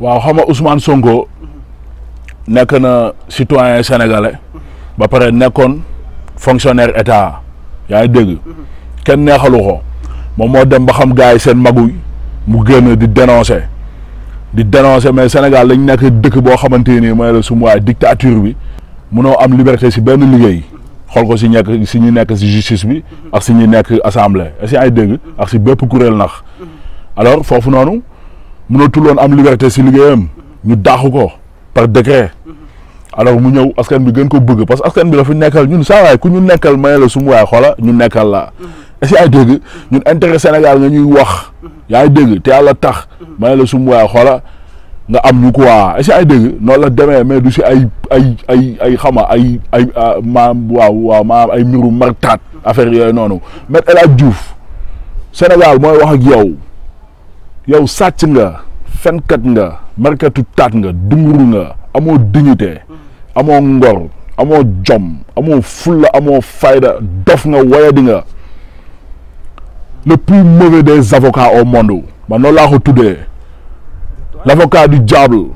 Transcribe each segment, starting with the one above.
waaw xam nga Ousmane Sonko nekk na citoyen sénégalais ba pare nekkoon fonctionnaire état yaa ngi dégg kenn neexalu ko moom moo dem ba xam gars yi seen maguy mu génn di dénoncer di dénoncer mais Sénégal dañ nekk dëkk boo xamante nii mooy la sumu waay dictature bi munoo am liberté si benn liggéey xool ko si ñekk si ñu nekk si justice bi ak si ñu nekk assemblée si ay dégg ak si bépp kuréel nax alors foofu noonu mënatul woon am liberté si liggéeyam ñu daaxu ko par décret alors mu ñëw askan bi gën ko bëgg parce que askan bi la dafa nekkal ñun saa waay ku ñu nekkal may la su mu waay xoola ñu nekkal la mm-hmm. est-ce ay dégg ñun intérêt Sénégal nga ñuy wax mm-hmm. yaa ngi dégg te yàlla tax mm-hmm. may la su waay xoola nga am ñu quoi est-ce ay dégg noonu la demee mais du si ay ay ay ay xama ay ay maam waaw waaw maam ay mbiru martaat affaire yooyu noonu Me El Hadj Diouf Sénégal mooy wax ak yow. yow sàcc nga fenkat nga markatu tat nga dunguru nga amoo dignité amoo ngor amoo jom amoo fulla amoo fayda dof nga wayadi nga le plus mauvais des avocats au monde man noonu laa ko l'avocat du diable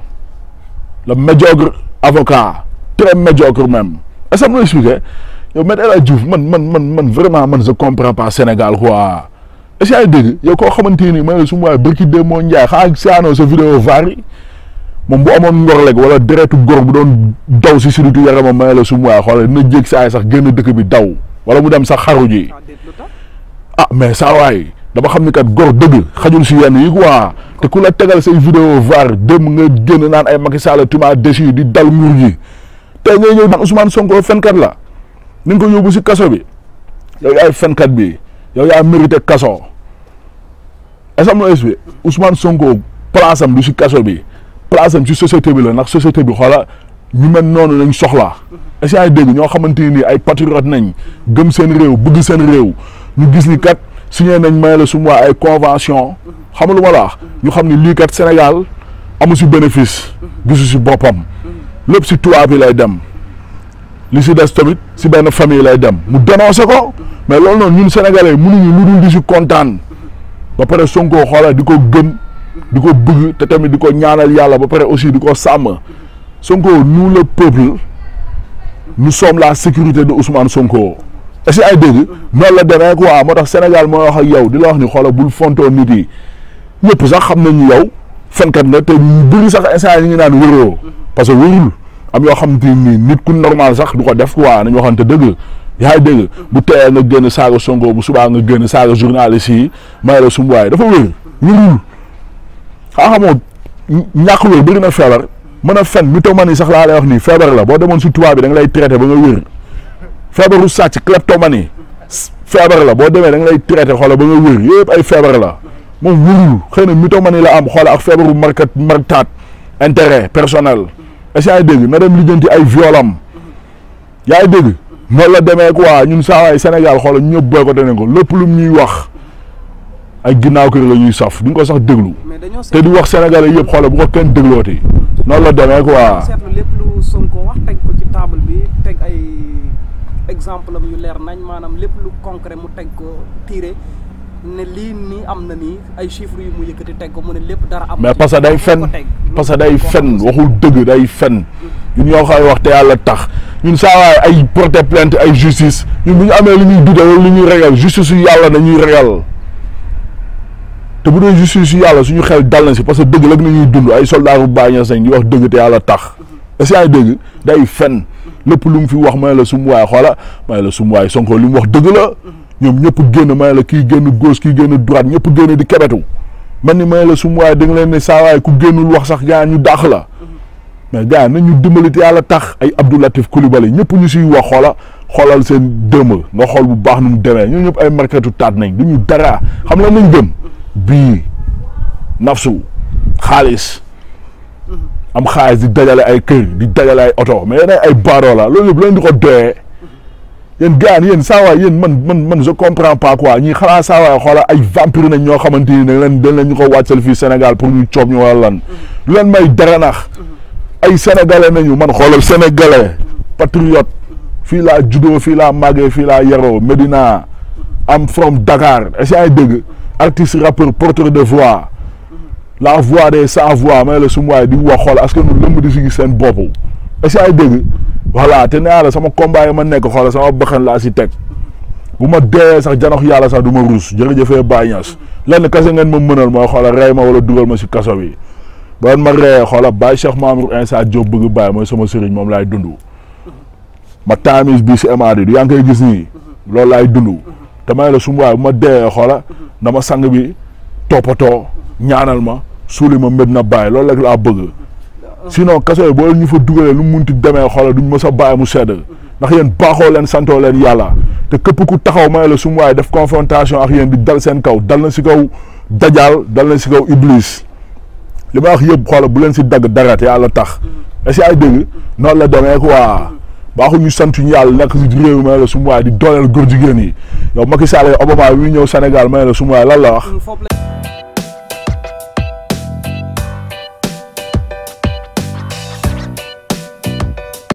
la médiocre avocat très médiocre même est-ce que am na expliqué yow Me El Hadji Diouf man man man man vraiment man je comprends pas Sénégal quoi est-ce que ay dégg yow koo xamante ni ma ne la su ma waay bërki dee moo njaay xaa saanoo sa vidéo vaar moom bu amoon ngorleeg wala deretu góor bu doon daw si surutu yaramam ma ne la su ma waay xoolal dina jég saay sax génn dëkk bi daw wala mu dem sax xaru ji ah mais saa waay dama xam ni kat góor dëgg xajul si yenn yi quoi te ku la tegal say vidéo vaar dem nga génn naan ay Macky Sall tu m'as déçu di dal nguur gi tey ngay ñëw naan Ousmane Sonko fenkat la ni ko si kaso bi yow yaay bi yow yaa mérité est ce que am na expliqué Ousmane Sonko place am du si kaso bi place am si société bi la ndax société bi xoola ñu mel noonu lañ soxlaa est ce que ay dégg ñoo xamante ni ay patriote nañ gëm seen réew bëgg seen réew ñu gis ni kat signé nañ may la suma ay convention xam lu ma la ñu xam ni lii kat Sénégal amu si bénéfice gisu si boppam lépp si tubaab yi lay dem li si des tamit si benn famille lay dem mu dénoncé ko mais loolu noonu ñun sénégalais mënuñu lu dul di si kontaan. ba pare Sonko xoolal di ko gën di ko bugg te tamit di ko ñaanal yàlla ba pare aussi di ko sàmm Sonko nous le peuple nous sommes la sécurité de Ousmane Sonko. est ce ay dégg noonu la demee quoi moo tax Sénégal mooy wax ak yow di la wax ni xoola bul fontoo nit yi ñëpp sax xam nañu yow fenkat na te bëri sax instant yi ñu naan wëroo parce que wërul am yoo xam ni nit ku normal sax du ko def quoi nañu waxante dëgg. yaa ngi dégg bu teyee nga génn saaga Sonko bu subaa nga génn saaga journaliste yi may la sumu waaye dafa wér wérul xaa xamoo ñàkk wér bëri na feebar mën a fen mi tomani sax laa lay wax nii feebar la boo demoon si tubaab bi da nga lay traité ba nga wér feebaru sàcc kleptomani feebar la boo demee danga lay traité xoola ba nga wér yëpp ay feebar la moom wérul xëy na mythomanie la am xoola ak feebaru markat martaat intérêt personnel est-ce que yaa ngi dégg na dem ay violam yaa ngi dégg noonu la demee ko quoi ñun saa waay Sénégal xoolal ñëpp boycotté nañ ko lépp lu ñuy wax ay ginnaaw kër la ñuy saf duñ ko sax déglu te di wax sénégalais yëpp xoolal bu ko kenn déglooti noonu la demee quoi. seetlu lépp lu Sonko wax teg ko ci table bi teg ay exemple am leer nañ maanaam lépp lu concret mu teg ko ne lii nii am na nii ay chiffres yu mu yëkkati teg ko mu ne lépp dara. am mais parce que day fen parce que day fen waxul dëgg day fen ñun ñoo koy wax te yàlla tax. ñun saa ay porter plainte ay justice ñun bu ñu amee lu ñuy dute lu ñuy ragal justice yu yàlla nañuy ragal te bu dee justice yu yàlla suñu xel dal na si parce que dëgg rek la ñuy dund ay soldats bu bàyyi sañ di wax dëgg te yàlla tax est-ce dëgg day fen lépp lu mu fi wax may la sum xoola may la sum waay Sonko li mu wax dëgg la ñoom ñëpp génn may la kii génn gauche kii génn droite ñëpp génn di kebetu man ni may la sum waay da leen ne saa waay ku génnul wax sax gaa ñu dàq la. mais gars na ñu dimbali te yàlla tax ay Abdou Latif Coulibaly ñëpp ñu siy wax xoola xoolal seen dëmal nga xool bu baax nu mu demee ñun ñëpp ay marketu taat nañ du ñu dara xam la nañ dem bii nafsu xaalis am xaalis di dajale ay kër di dajale ay oto mais yéen ay baaroo la loolu yëpp leen di ko doyee yéen gaan yéen saa waay man man man je comprends pas quoi ñi xanaa saa waay xoola ay vampire nañ ñoo xamante ni dañ leen dañ leen ñu ko wàccal fii senegal pour ñu coob ñu wala lan ay sénégalais nañu man xoolal sénégalais patriote fii laa juddoo fii laa màggee fii laa yaroo Medina am from Dakar est-ce que dégg artiste rappeur porteur de voix la voix des sans voix may la su ma waay di wax xool askan wi lëmb di si gis seen bopp est-ce que dégg voilà te nee la sama combat yi ma nekk xoolal sama baxan laa si teg bu ma dee sax janox yàlla sax du ma ruus jërëjëfee Baye Niass lenn kase ngeen ma mënal mooy xoolal rey ma wala dugal ma si kaso bi. ba ma ree xoola Baye Cheikh Mamour Insa Diop bëgg Baye mooy sama sëriñ moom laay dund ma taamis bi si MRD du yaa ngi koy gis nii loolu laay dund te may la su ma waaye bu ma dee xoola na ma sang bi toppatoo ñaanal ma suuli ma mét na Baye loolu rek laa bëgg sinon kaso yi boo ñu fa dugalee lu mu munti demee xoola duñ ma sa bàyyi mu sedd ndax yéen baaxoo leen santoo leen yàlla te képp ku taxaw may la su ma def confrontation ak yéen di dal seen kaw dal si kaw dajaal dal si kaw iblis. li ma wax yëpp xoola bu leen si dagg dara te yàlla tax est ce ay dégg noonu la demee quoi mm. baaxuñu sant ñu yàlla nekk si réew ma la su ma waay di dooleel góor jigéen yi yow Macky Sall Obama wi ñëw Sénégal ma la su ma waay lan la wax. Mm,